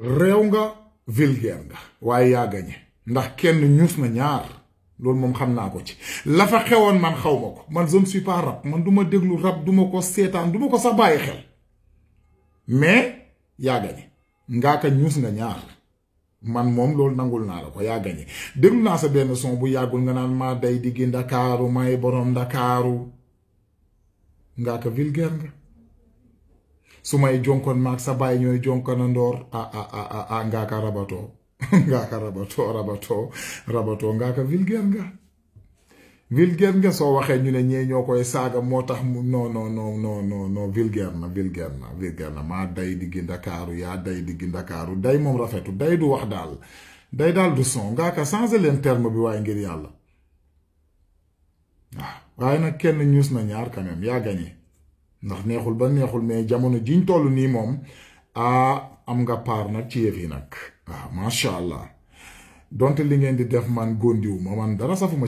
réew nga vulgaire nga waaye yaa gañe ndax kenn ñuus na ñaar loolu moom xam naa ko ci la fa xewoon man xaw ma ko man je ne rab man duma déglu rab duma ko seetaan du ma ko sax bàyyi xel mais yaa gañe ngaa ka ñuus nga ñaar man moom loolu nangul naa la ko yaa gañe déglu naa sa benn son bu yàggul nga naan maa day diggi ndakaaru may borom ndakaaru ngaa ka vulgaire nga su may jonkoon maag sa baay ñooy jonkona ndoor a a a ngaaka rabato ngaaka rabato rabato rabato ngaaka vulgaire nga vulgaire nga soo waxee ñu ne ñee ñoo koy saaga moo tax mu no non non non non non vulgaire na vulgaire na vulgaire na maa day diggi ndakaaru yaa day diggi ndakaaru day moom rafetu day du wax daal day daal du son ngaaka changé leen term bi waaye ngir yàlla waaw waaye nag kenn ñuus na ñaar quand yaa gagné ndax neexul ba neexul mais jamono jiñ toll nii moom ah am nga paar nag ci yëf yi nag waaw macha allah donte li ngeen di def man góondiwu ma man dara safuma